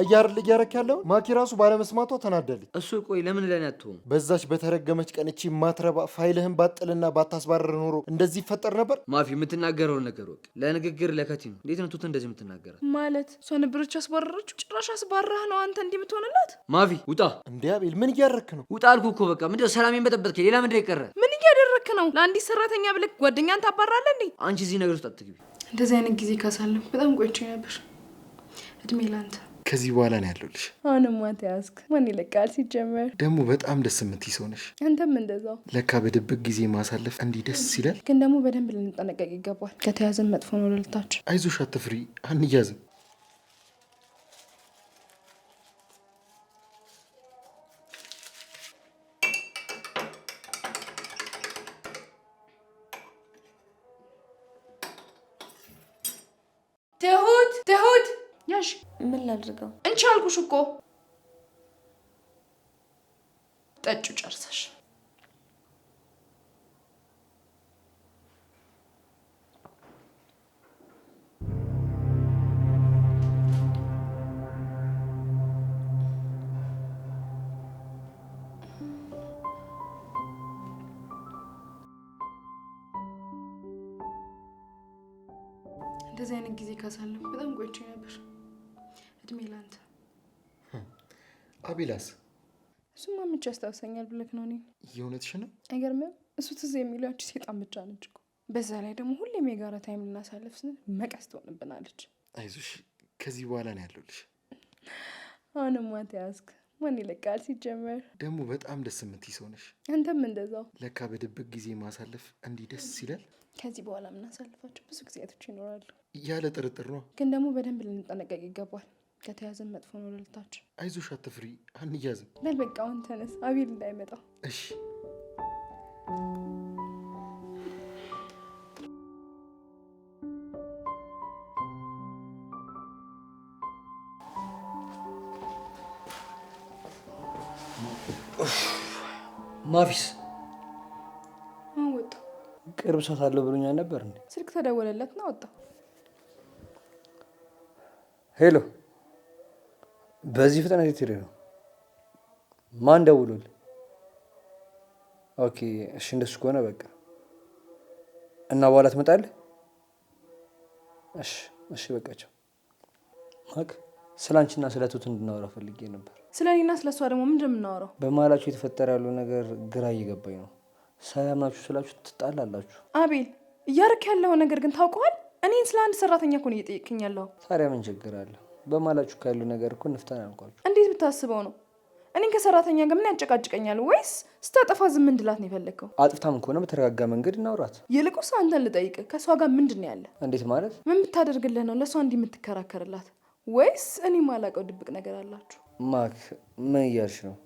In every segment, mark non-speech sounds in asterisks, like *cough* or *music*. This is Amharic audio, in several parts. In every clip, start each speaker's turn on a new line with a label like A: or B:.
A: አያር ልያረክ ያለው ማኪ ራሱ ባለመስማቷ ተናዳለች።
B: እሱ ቆይ ለምን ለኔ አትሆን?
A: በዛች በተረገመች ቀን እቺ ማትረባ ፋይልህን ባጥልና ባታስባረር ኖሮ እንደዚህ ይፈጠር ነበር?
B: ማፊ የምትናገረውን ነገር ወቅ ለንግግር ለከቲ ነው። እንዴት ነው ቱት እንደዚህ የምትናገራት?
C: ማለት እሷ ነበረች ያስባረረችው። ጭራሽ አስባራህ ነው አንተ እንዲህ የምትሆንላት።
B: ማፊ ውጣ!
A: እንዲ አቤል ምን እያደረክ ነው?
B: ውጣ አልኩ እኮ በቃ። ምንድን ሰላም ሰላሜን ሌላ ምንድን የቀረ?
C: ምን እያደረክ ነው? ለአንዲት ሰራተኛ ብለህ ጓደኛን ታባራለህ እንዴ?
B: አንቺ እዚህ ነገር ውስጥ አትግቢ።
C: እንደዚህ አይነት ጊዜ ካሳለፍ በጣም ቆይቼ ነበር። እድሜ ላንተ
B: ከዚህ በኋላ ነው ያለሁልሽ።
C: አሁንማ ተያዝክ። ማን ይለቃል? ሲጀመር
B: ደግሞ በጣም ደስ የምትይ ሰው ነሽ።
C: አንተም እንደዛው።
B: ለካ በድብቅ ጊዜ ማሳለፍ እንዲህ ደስ ይላል።
C: ግን ደግሞ በደንብ ልንጠነቀቅ ይገባል። ከተያዝን መጥፎ ነው ልልታች።
B: አይዞሽ፣ አትፍሪ፣ አንያዝም
C: ብርጭቆ ጠጩ ጨርሰሽ እንደዚህ አይነት ጊዜ ካሳለፍ በጣም ጎጆ ነበር። እድሜ ላንተ። አቢላስ እሱማ ምች ያስታውሰኛል ብለክ ነው እኔን? የእውነትሽ ነው። አይገርምም? እሱ ትዝ የሚለው ያቺ ሴጣን ብቻ ነች በዛ ላይ ደግሞ ሁሌም የጋራ ታይም ልናሳልፍ ስንል መቀስ ትሆንብናለች።
B: አይዞሽ፣ ከዚህ በኋላ ነው ያለሁልሽ።
C: አሁንማ ተያዝክ። ማን ይለቃል? ሲጀመር
B: ደግሞ በጣም ደስ የምትይ ሰው ነሽ።
C: አንተም እንደዛው።
B: ለካ በድብቅ ጊዜ ማሳለፍ እንዲህ ደስ ይላል።
C: ከዚህ በኋላ የምናሳልፋቸው ብዙ ጊዜያቶች ይኖራሉ።
B: ያለ ጥርጥር ነው።
C: ግን ደግሞ በደንብ ልንጠነቀቅ ይገባል። ከተያዘን መጥፎ ነው ልልታች።
B: አይዞሽ አትፍሪ፣ አንያዝም።
C: በል በቃ አሁን ተነስ፣ አቤል እንዳይመጣ።
B: እሺ ማፊስ ወጣ። ቅርብ ሰዓት አለው ብሎኛል ነበር
C: ስልክ ተደወለለት ተደወለለትና ወጣ።
B: ሄሎ በዚህ ፍጥነት የት ነው? ማን ደውሎልህ? ኦኬ፣ እሺ፣ እንደሱ ከሆነ በቃ እና በኋላ ትመጣለህ? እሺ፣ እሺ፣ በቃቸው። ማክ ስለ አንቺና ስለ ፈልጌ ነበር።
C: ስለ እኔና ስለ እሷ ደግሞ ምንድን ነው የምናወራው?
B: በመሀላችሁ የተፈጠረ ያለው ነገር ግራ እየገባኝ ነው። ሰላም ናችሁ ስላችሁ ትጣላላችሁ።
C: አቤል፣ እያደረክ ያለው ነገር ግን ታውቀዋል። እኔን ስለ አንድ ሰራተኛ እኮ ነው እየጠየቅኝ ያለው።
B: ታዲያ ምን ችግር አለ? በማላችሁ ካሉ ነገር እኮ እንፍታን አልኳችሁ።
C: እንዴት ብታስበው ነው? እኔን ከሰራተኛ ጋር ምን ያጨቃጭቀኛል? ወይስ ስታጠፋ ዝም እንድላት ነው የፈለግከው?
B: አጥፍታም ከሆነ በተረጋጋ መንገድ እናውራት።
C: ይልቁንስ አንተን ልጠይቅ፣ ከእሷ ጋር ምንድን ነው ያለ? እንዴት ማለት? ምን ብታደርግልህ ነው ለእሷ እንዲህ የምትከራከርላት? ወይስ እኔ ማላውቀው ድብቅ ነገር አላችሁ?
B: ማክ ምን እያልሽ ነው?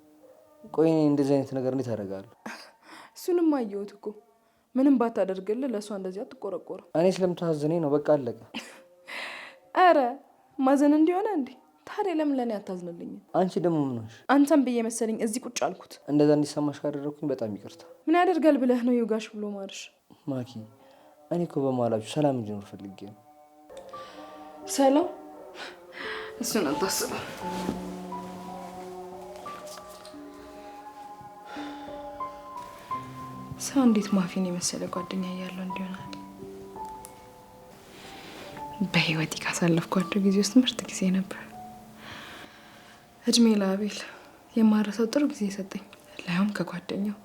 B: ቆይ እንደዚህ አይነት ነገር እንዴት አደርጋለሁ?
C: እሱንም አየሁት እኮ ምንም ባታደርግልህ ለእሷ እንደዚህ አትቆረቆርም።
B: እኔ ስለምታሳዝኔ ነው። በቃ አለቀ።
C: ኧረ ማዘን እንዲሆነ እንዴ? ታዲያ ለምን ለእኔ አታዝንልኝ?
B: አንቺ ደግሞ ምን ሆንሽ?
C: አንተም ብዬ መሰለኝ እዚህ ቁጭ አልኩት።
B: እንደዛ እንዲሰማሽ ካደረግኩኝ በጣም ይቅርታ።
C: ምን ያደርጋል ብለህ ነው ይውጋሽ ብሎ ማርሽ።
B: ማኪ፣ እኔ እኮ በማላችሁ ሰላም እንዲኖር ፈልጌ ነው።
C: ሰላም? እሱን አታስበ ሰው እንዴት ማፊን የመሰለ ጓደኛ እያለው እንዲሆናል በህይወቴ ካሳለፍኳቸው ጊዜ ውስጥ ምርጥ ጊዜ ነበር። እድሜ ለአቤል የማረሰው ጥሩ ጊዜ ሰጠኝ፣ ላይም ከጓደኛው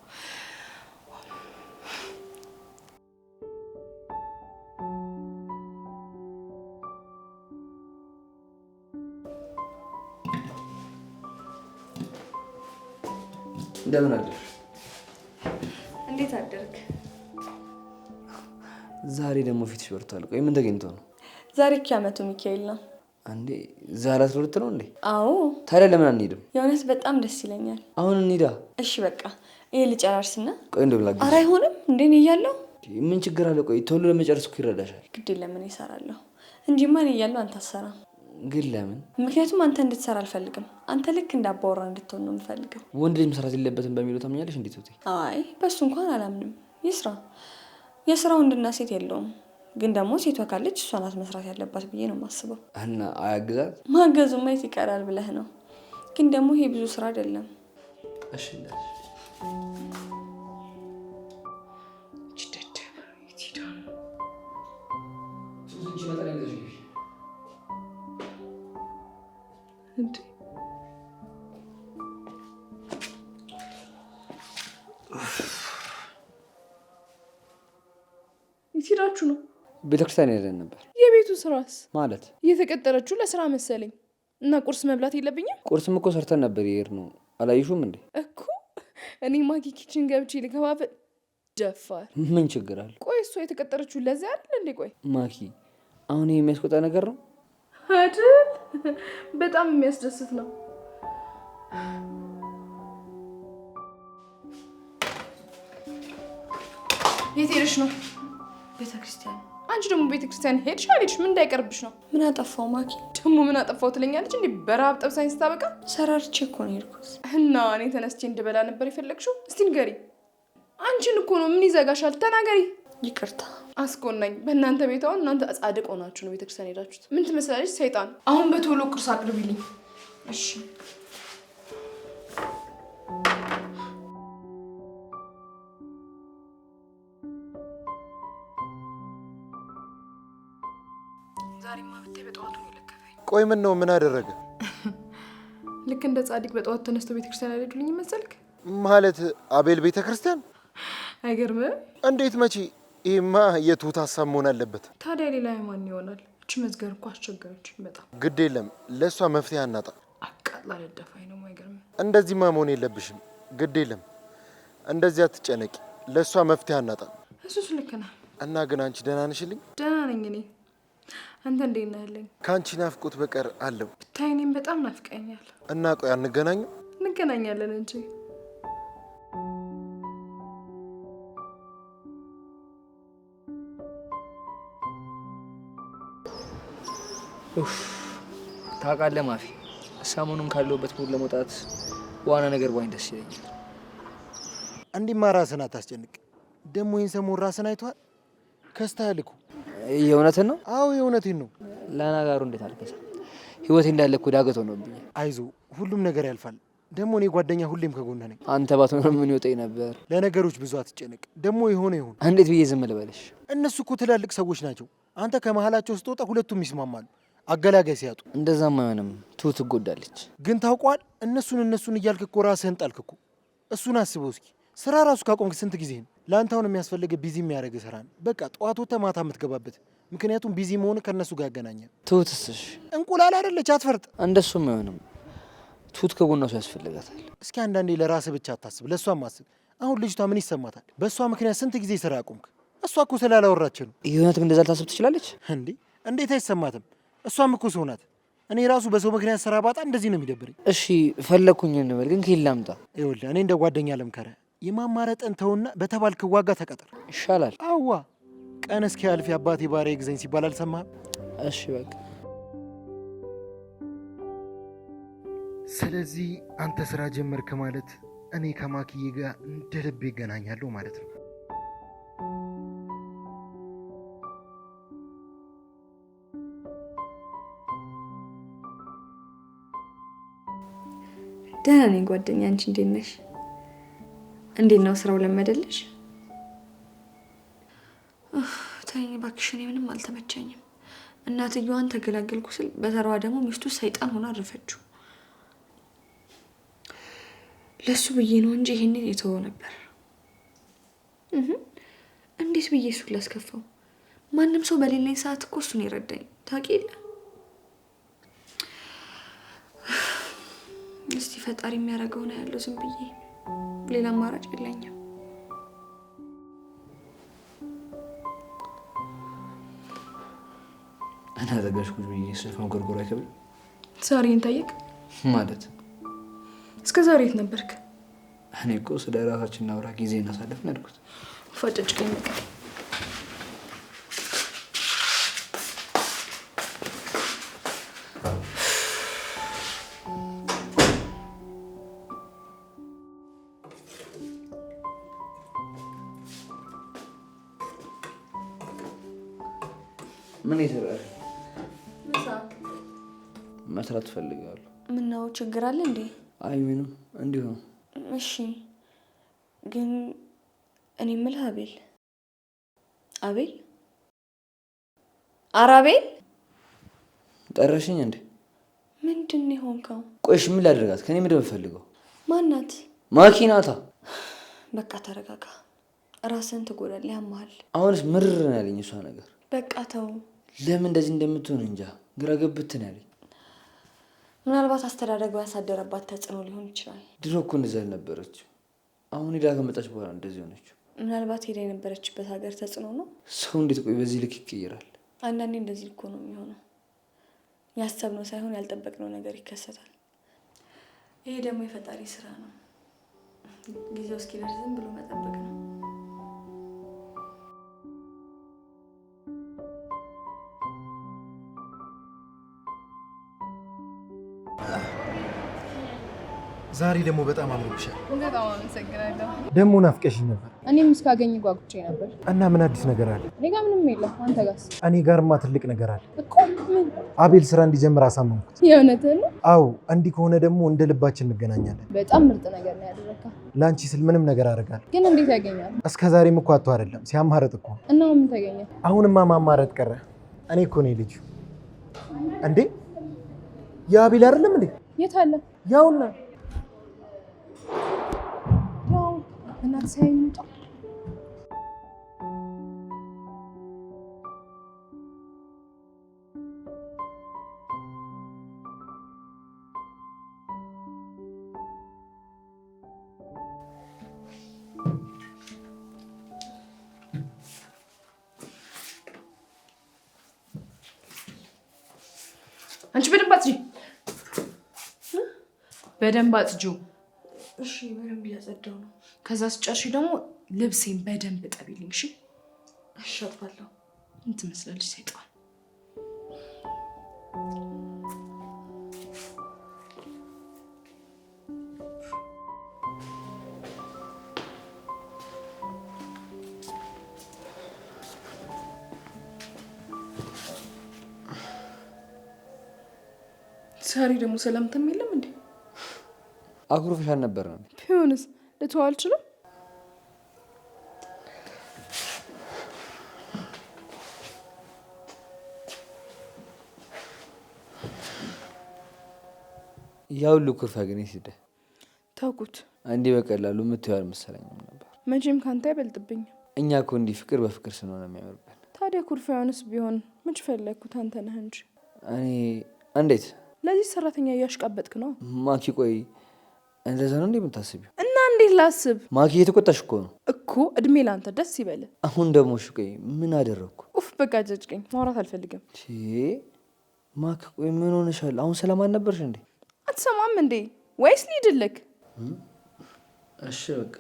C: እንደምን አደርሽ? እንዴት አደርክ?
B: ዛሬ ደግሞ ፊትሽ በርቷል። ቆይ ምን ተገኝቶ ነው?
C: ዛሬ እኮ ዓመቱ ሚካኤል ነው።
B: አንዴ ዛሬ አስራ ሁለት ነው እንዴ? አዎ። ታዲያ ለምን አንሄድም?
C: የእውነት በጣም ደስ ይለኛል። አሁን እንሂዳ። እሺ በቃ ይሄ ልጨራርስና ቆይ እንደው ብላ ኧረ አይሆንም እንዴ እኔ እያለሁ
B: ምን ችግር አለ? ቆይ ቶሎ ለመጨረስ እኮ ይረዳሻል።
C: ግድ ለምን ይሰራለሁ እንጂማ እኔ እያለሁ አንተ አትሰራም። ግን ለምን? ምክንያቱም አንተ እንድትሰራ አልፈልግም። አንተ ልክ እንዳባወራ እንድትሆን ነው የምፈልገው።
B: ወንድ ልጅ መስራት የለበትም በሚለው ታምኛለሽ? እንዴት?
C: አይ በሱ እንኳን አላምንም። ይስራ። የስራ ወንድና ሴት የለውም። ግን ደግሞ ሴቷ ካለች እሷ ናት መስራት ያለባት ብዬ ነው የማስበው።
B: እና አያግዛት
C: ማገዙ ማየት ይቀራል ብለህ ነው። ግን ደግሞ ይሄ ብዙ ስራ አይደለም።
B: እሺ ቤተክርስቲያን ሄደን ነበር።
C: የቤቱ ስራስ ማለት እየተቀጠረችው ለስራ መሰለኝ እና ቁርስ መብላት የለብኝም።
B: ቁርስም እኮ ሰርተን ነበር ነው። አላየሹም እንዴ
C: እኮ እኔ ማጊ ኪችን ገብቼ ልከፋፈል ደፋር። ምን ችግር አለ? ቆይ እሷ የተቀጠረችው ለዚያ አይደል እንዴ? ቆይ
B: ማኪ፣ አሁን የሚያስቆጣ ነገር ነው
C: አይደል? በጣም የሚያስደስት ነው። የት ሄደሽ ነው?
D: ቤተክርስቲያን
C: አንቺ ደግሞ ቤተክርስቲያን ሄድሽ አልሄድሽ ምን እንዳይቀርብሽ ነው።
D: ምን አጠፋው ማኪ
C: ደግሞ ምን አጠፋው ትለኛለች። እንዲህ በረሀብ ጠብሳኝ ስታበቃ
D: ሰራርቼ እኮ ነው የሄድኩት
C: እና እኔ ተነስቼ እንድበላ ነበር የፈለግሽው? እስቲ ንገሪ። አንቺን እኮ ነው ምን ይዘጋሻል? ተናገሪ። ይቅርታ አስቆናኝ። በእናንተ ቤታው እናንተ ጻድቅ ሆናችሁ ነው ቤተክርስቲያን ሄዳችሁት። ምን ትመስላለች ሰይጣን። አሁን በቶሎ ቁርስ አቅርቢልኝ እሺ። ዛሬማ ብታይ በጠዋቱ ነው የለከፈኝ።
B: ቆይ ምን ነው? ምን አደረገ? *laughs*
C: ልክ እንደ ጻድቅ በጠዋት ተነስቶ ቤተክርስቲያን አልሄዱልኝ መሰልክ?
B: ማለት አቤል ቤተክርስቲያን *laughs* አይገርምም? እንዴት? መቼ? ይሄማ የትሁት ሀሳብ መሆን አለበት።
C: ታዲያ ሌላ የማን ይሆናል? እች መዝገር እኮ አስቸጋሪች። በጣም
B: ግድ የለም ለእሷ መፍትሄ አናጣ።
C: አቃጥላ ለደፋኝ ነው። አይገርምም?
B: እንደዚህማ መሆን የለብሽም። ግድ የለም እንደዚህ አትጨነቂ። ለእሷ መፍትሄ አናጣ። እሱስ ልክ ነህ። እና ግን አንቺ ደህና ነሽልኝ?
C: ደህና ነኝ እኔ አንተ እንዴት ነህ አለኝ።
B: ከአንቺ ናፍቆት በቀር አለው
C: ብታይ እኔም በጣም ናፍቀኛል።
B: እና ቆይ አንገናኝም?
C: እንገናኛለን እንጂ
B: ታውቃለህ ማፊ፣ ሰሞኑን ካለሁበት ቡድ ለመውጣት ዋና ነገር ባኝ ደስ ይለኛል። እንዲማ ራስን አታስጨንቅ። ደግሞ ይህን ሰሞን ራስን አይቷል ከስታልኩ የእውነትን ነው? አዎ የእውነቴን ነው። ለነገሩ እንዴት አልከሰ ህይወቴ እንዳለ እኮ ነው ብዬ። አይዞ ሁሉም ነገር ያልፋል። ደግሞ እኔ ጓደኛ ሁሌም ከጎነ ነኝ። አንተ ባትኖር ምን ይወጠኝ ነበር? ለነገሮች ብዙ አትጨነቅ። ደግሞ የሆነ ይሁን። እንዴት ብዬ ዝም ልበልሽ? እነሱ እኮ ትላልቅ ሰዎች ናቸው። አንተ ከመሀላቸው ስትወጣ ሁለቱም ይስማማሉ። አገላጋይ ሲያጡ እንደዛም አይሆንም። ቱ ትጎዳለች። ግን ታውቋል። እነሱን እነሱን እያልክ እኮ ራስህን ጣልክ እኮ። እሱን አስበው እስኪ። ስራ ራሱ ካቆምክ ስንት ጊዜ ነው? ለአንተ አሁን የሚያስፈልግ ቢዚ የሚያደርግ ስራ ነው። በቃ ጠዋት ወጥተህ ማታ የምትገባበት ምክንያቱም ቢዚ መሆን ከእነሱ ጋር ያገናኛል። ትሁትስሽ እንቁላል አይደለች፣ አትፈርጥ። እንደሱም አይሆንም። ትውት ከጎኗ ሰው ያስፈልጋታል። እስኪ አንዳንዴ ለራስህ ብቻ አታስብ፣ ለእሷም ማስብ። አሁን ልጅቷ ምን ይሰማታል? በእሷ ምክንያት ስንት ጊዜ ስራ አቁምክ? እሷ እኮ ስላላወራች ነው። የእውነትም እንደዛ ልታስብ ትችላለች እንዴ? እንዴት አይሰማትም? እሷም እኮ ሰው ናት። እኔ ራሱ በሰው ምክንያት ስራ ባጣ እንደዚህ ነው የሚደብርኝ። እሺ ፈለግኩኝ እንበል፣ ግን ከየት ላምጣ? ይኸውልህ እኔ እንደ ጓደኛ ልምከርህ የማማረጠን ተውና በተባልክ ዋጋ ተቀጠር ይሻላል። አዋ ቀን እስኪ ያልፍ የአባቴ ባሪያ ግዘኝ ሲባል አልሰማህም? እሺ በቃ ስለዚህ አንተ ስራ ጀመርክ ማለት እኔ ከማክዬ ጋር እንደ ልብ ይገናኛለሁ ማለት ነው።
C: ደህና ነኝ ጓደኛ። አንቺ እንዴት ነሽ? እንዴት ነው ስራው ለመደልሽ? ተይኝ እባክሽ፣ እኔ ምንም አልተመቸኝም። እናትየዋን ተገላገልኩ ስል በተራዋ ደግሞ ሚስቱ ሰይጣን ሆና አረፈችው። ለሱ ብዬ ነው እንጂ ይሄንን የተወ ነበር። እንዴት ብዬ እሱን ላስከፋው? ማንም ሰው በሌለኝ ሰዓት እኮ እሱን የረዳኝ ታውቂ የለ። እስቲ ፈጣሪ ነው ያለው ዝም ብዬ ሌላ አማራጭ የለኝም።
B: እና ዘጋሽ ቁጭ ብዬ ስልክ ጎርጎር አይከብድም?
C: ዛሬን ታየቅ ማለት እስከ ዛሬ የት ነበርክ?
B: እኔ እኮ ስለ ራሳችን እናውራ ጊዜ እናሳለፍ ነድኩት ፋጨጭ ቀኝ ፈልጋለሁ።
C: ምነው ችግር አለ እንዴ?
B: አይ ምንም እንዲሁ ነው።
C: እሺ ግን እኔ የምልህ አቤል አቤል አራቤል ጠረሽኝ እንዴ? ምንድን የሆንከው?
B: ቆይሽ ምን ላደርጋት? ከኔ ምንድን ፈልገው ማናት? ማኪናታ።
C: በቃ ተረጋጋ፣ ራስን ትጎዳል፣ ያመሃል።
B: አሁንስ ምርር ነው ያለኝ እሷ ነገር። በቃ ተው። ለምን እንደዚህ እንደምትሆን እንጃ፣ ግራ ገብትን ያለኝ
C: ምናልባት አስተዳደግ ያሳደረባት ተጽዕኖ ሊሆን ይችላል።
B: ድሮ እኮ እንደዛ ያልነበረችው፣ አሁን ሄዳ ከመጣች በኋላ እንደዚህ ሆነች።
C: ምናልባት ሄዳ የነበረችበት ሀገር ተጽዕኖ ነው።
B: ሰው እንዴት ቆይ በዚህ ልክ ይቀይራል?
C: አንዳንዴ እንደዚህ እኮ ነው የሚሆነው። ያሰብነው ሳይሆን ያልጠበቅነው ነገር ይከሰታል። ይሄ ደግሞ የፈጣሪ ስራ ነው። ጊዜው እስኪደርስ ዝም ብሎ መጠበቅ
B: ዛሬ ደግሞ በጣም አምሮብሻል።
C: በጣም አመሰግናለሁ።
B: ደግሞ ናፍቀሽኝ ነበር።
C: እኔም እስካገኝ ጓጉቼ ነበር።
B: እና ምን አዲስ ነገር አለ?
C: እኔ ጋር ምንም የለም። አንተ ጋርስ?
B: እኔ ጋርማ ትልቅ ነገር አለ
C: እኮ። ምን?
B: አቤል ስራ እንዲጀምር አሳመንኩት።
C: የእውነትህን ነው?
B: አዎ። እንዲህ ከሆነ ደግሞ እንደ ልባችን እንገናኛለን።
C: በጣም ምርጥ ነገር ነው ያደረግከው።
B: ለአንቺ ስል ምንም ነገር አደርጋለሁ።
C: ግን እንዴት ያገኛል?
B: እስከ ዛሬም እኮ አቶ አይደለም ሲያማረጥ እኮ።
C: እና ምን ተገኘ?
B: አሁንማ ማማረጥ ቀረ። እኔ እኮ ነኝ ልጅ እንዴ የአቤል አይደለም እንዴ? የት አለ? ያውና
C: erzählen. አንቺ በደንብ አጽጂ። በደንብ አጽጂው። እሺ፣ በደንብ እያጸዳው ነው። ከዛ ስጨርሽ ደግሞ ልብሴን በደንብ ጠቢልኝ። እሺ እሸጥባለሁ። ምን ትመስላለች ሰይጣን። ዛሬ ደግሞ ሰላምታም የለም እንዴ?
B: አኩርፈሽ አልነበረ ነው
C: ቢሆንስ ልተው አልችልም።
B: ያ ሁሉ ኩርፋ ግን ሲደ ተውኩት። እንዲህ በቀላሉ የምትይው አልመሰለኝም ነበር።
C: መቼም ከአንተ አይበልጥብኝም።
B: እኛ እኮ እንዲህ ፍቅር በፍቅር ስንሆነ የሚያምርብን።
C: ታዲያ ኩርፋውንስ ቢሆን ምች ፈለግኩት አንተ ነህ እንጂ
B: እኔ። እንዴት
C: ለዚህ ሰራተኛ እያሽቃበጥክ ነው
B: ማኪ? ቆይ እንደዛ ነው እንዴ የምታስቢው? እንዴት ላስብ? ማኪ እየተቆጣሽ እኮ ነው
C: እኮ። እድሜ ለአንተ ደስ ይበል።
B: አሁን ደግሞ ሽቆይ ምን አደረግኩ?
C: ኡፍ በቃ ጀጭቀኝ። ማውራት አልፈልግም።
B: ማክ ቆይ ምን ሆነሻል? አሁን ሰላም አልነበርሽ እንዴ?
C: አትሰማም እንዴ? ወይስ ሊድልክ?
B: እሺ በቃ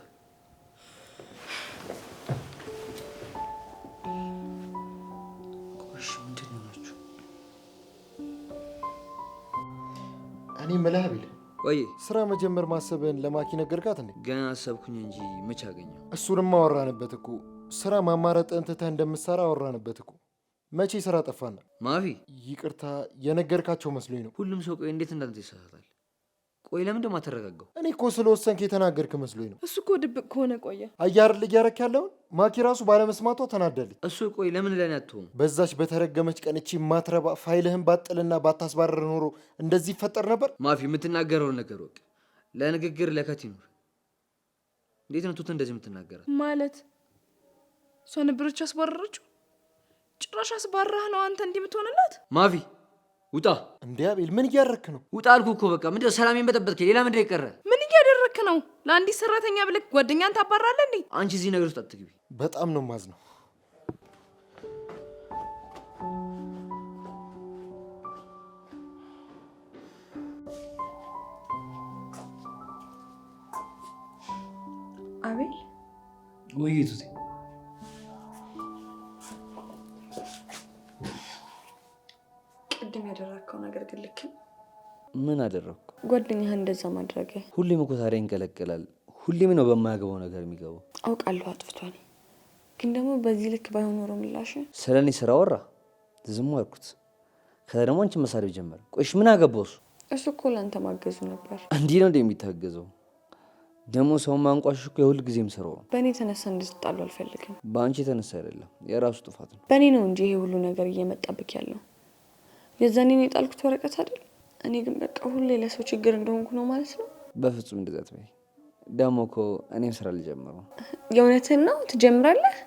B: እኔ ቆይ ስራ መጀመር ማሰብህን ለማኪ ነገርካት እንዴ? ገና አሰብኩኝ እንጂ መች አገኘው። እሱንም አወራንበት እኮ ስራ ማማረጥህን ትተህ እንደምትሰራ አወራንበት እኮ። መቼ ስራ ጠፋና? ማፊ ይቅርታ የነገርካቸው መስሎኝ ነው። ሁሉም ሰው ቆይ እንዴት እንዳንተ ይሳሳታል? ቆይ ለምን ደሞ አተረጋጋው? እኔ እኮ ስለ ወሰንክ የተናገርክ መስሎኝ ነው።
C: እሱ እኮ ድብቅ ከሆነ ቆየ።
B: አያር እያረክ ያለውን ማኪ ራሱ ባለመስማቷ ተናዳለች። እሱ ቆይ ለምን ለኔ አትሆን? በዛች በተረገመች ቀን እቺ ማትረባ ፋይልህን ባጥልና ባታስባረር ኖሮ እንደዚህ ይፈጠር ነበር? ማፊ የምትናገረውን ነገር ወቅ ለንግግር ለከት ይኑር። እንዴት ነው ቱት እንደዚህ የምትናገረ?
C: ማለት እሷ ነበረች ያስባረረችው? ጭራሽ አስባረህ ነው አንተ እንዲህ የምትሆንላት
B: ማፊ ውጣ!
A: እንዴ አቤል፣ ምን እያደረክ ነው?
B: ውጣ አልኩ እኮ። በቃ ምንድነው ሰላሜን በጠበጥክ? ሌላ ምንድ የቀረ?
C: ምን እያደረክ ነው? ለአንዲት ሰራተኛ ብለህ ጓደኛን ታባራለህ እንዴ?
B: አንቺ እዚህ ነገር ውስጥ አትግቢ። በጣም ነው ነው አቤል፣ ውይይቱ
C: ቅድም ያደረግከው ነገር ግን ልክ
B: ምን አደረግኩ?
C: ጓደኛህ እንደዛ ማድረገ
B: ሁሌም እኮ ታዲያ ይንቀለቀላል። ሁሌም ነው በማያገባው ነገር የሚገባው።
C: አውቃለሁ አጥፍቷል፣ ግን ደግሞ በዚህ ልክ ባይሆን ኖሮ ምላሽ
B: ስለ እኔ ስራ ወራ ዝም አልኩት። ከዛ ደግሞ አንቺ መሳሪያ ጀመር። ቆይ ምን አገባው እሱ?
C: እሱ እኮ ለአንተ ማገዙ ነበር።
B: እንዲህ ነው እንደሚታገዘው ደግሞ ሰው ማንቋሽ እኮ የሁል ጊዜም ስራው ነው።
C: በእኔ የተነሳ እንድትጣሉ አልፈልግም።
B: በአንቺ የተነሳ አይደለም፣ የራሱ ጥፋት ነው።
C: በእኔ ነው እንጂ ይሄ ሁሉ ነገር እየመጣብክ ያለው የዛኔን የጣልኩት ወረቀት አይደል? እኔ ግን በቃ ሁሌ ለሰው ችግር እንደሆንኩ ነው ማለት ነው።
B: በፍጹም እንደዚያ አትበይ። ደግሞ እኮ እኔም ስራ ልጀምሩ። ነው።
C: የእውነትህን ነው? ትጀምራለህ?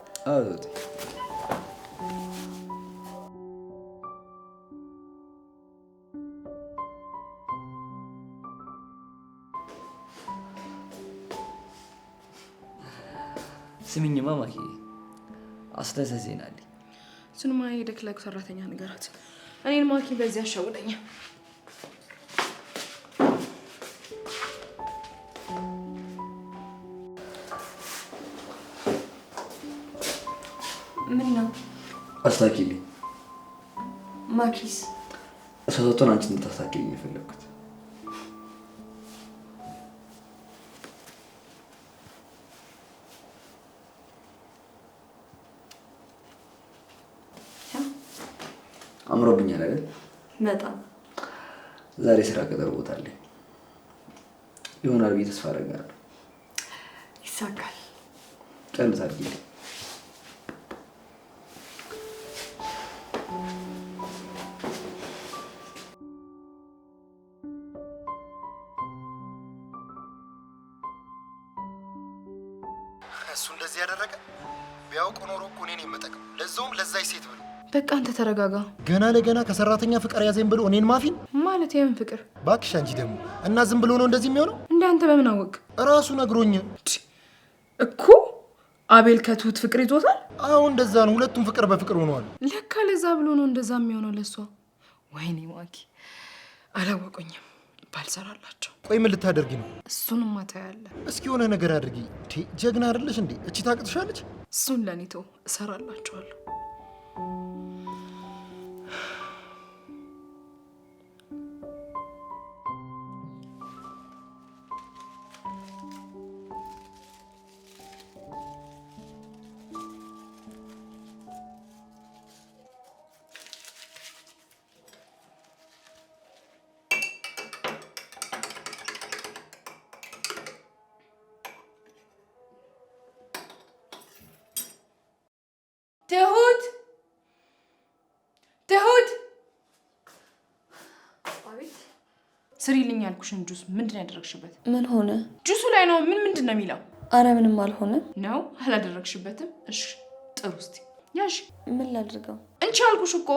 B: ስሚኝማ ማኪ፣ አስደሳች ዜና አለኝ።
C: እሱንማ የደክላክ ሰራተኛ ነገራት እኔን ማኪ በዚህ አሻውደኛል። ምን ነው አስታኪልኝ? ማኪስ
B: እሳሳቱን አንቺ እንድታስታኪልኝ የፈለግኩት አምሮብኛል አይደል? በጣም ዛሬ ስራ ቀጠሮ ቦታ አለኝ። ይሆናል ብዬ ተስፋ አደርጋለሁ። ይሳካል። ጨርስ አድርጊልኝ። እሱ እንደዚህ ያደረገ ቢያውቅ ኖሮ እኮ እኔን የምጠቅም ለዛውም ለዛች ሴት ብሎ
C: በቃ አንተ ተረጋጋ።
B: ገና ለገና ከሰራተኛ ፍቅር ያዘኝ ብሎ እኔን ማፊን
C: ማለት የምን ፍቅር
B: ባክሽ? አንቺ ደግሞ እና ዝም ብሎ ነው እንደዚህ የሚሆነው?
C: እንደ አንተ በምን አወቅ?
B: እራሱ ነግሮኝ
C: እኮ አቤል ከትሁት ፍቅር ይዞታል።
B: አሁ እንደዛ ነው። ሁለቱም ፍቅር በፍቅር ሆነዋል።
C: ለካ ለዛ ብሎ ነው እንደዛ የሚሆነው ለሷ። ወይኔ ዋኪ አላወቁኝም ባልሰራላቸው።
B: ቆይ ምን ልታደርጊ ነው?
C: እሱንማ ታያለህ።
B: እስኪ የሆነ ነገር አድርጊ። ጀግና አይደለሽ እንዴ? እቺ ታቅትሻለች።
C: እሱን ለኔቶ እሰራላቸዋለሁ ስሪልኝ ያልኩሽን ጁስ ምንድን ያደረግሽበት? ምን ሆነ? ጁሱ ላይ ነው። ምን ምንድን ነው የሚለው? አረ ምንም አልሆነ ነው። አላደረግሽበትም? እሺ ጥሩ። እስኪ ያሽ ምን ላድርገው? እንቺ አልኩሽ እኮ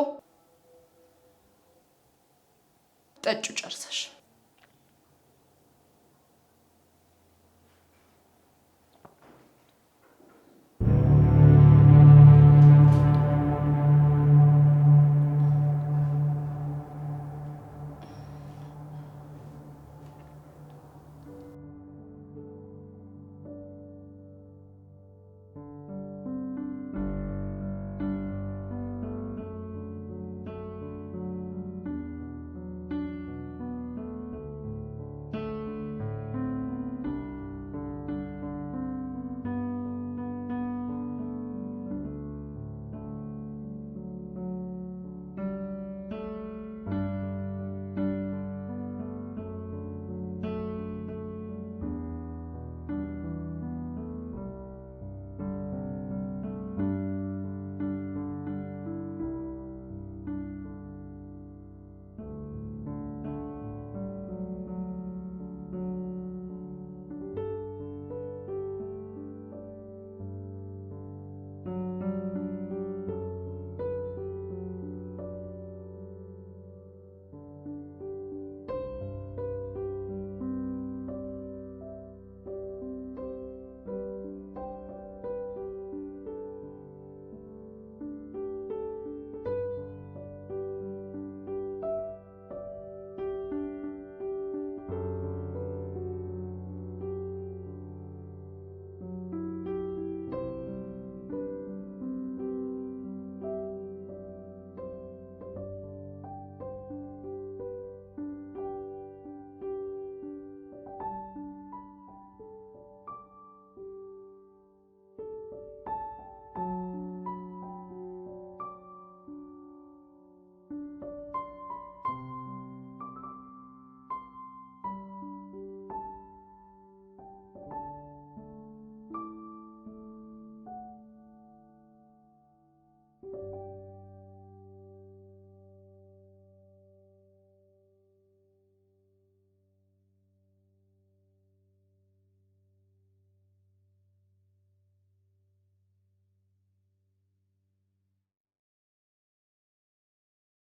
C: ጠጩ ጨርሰሽ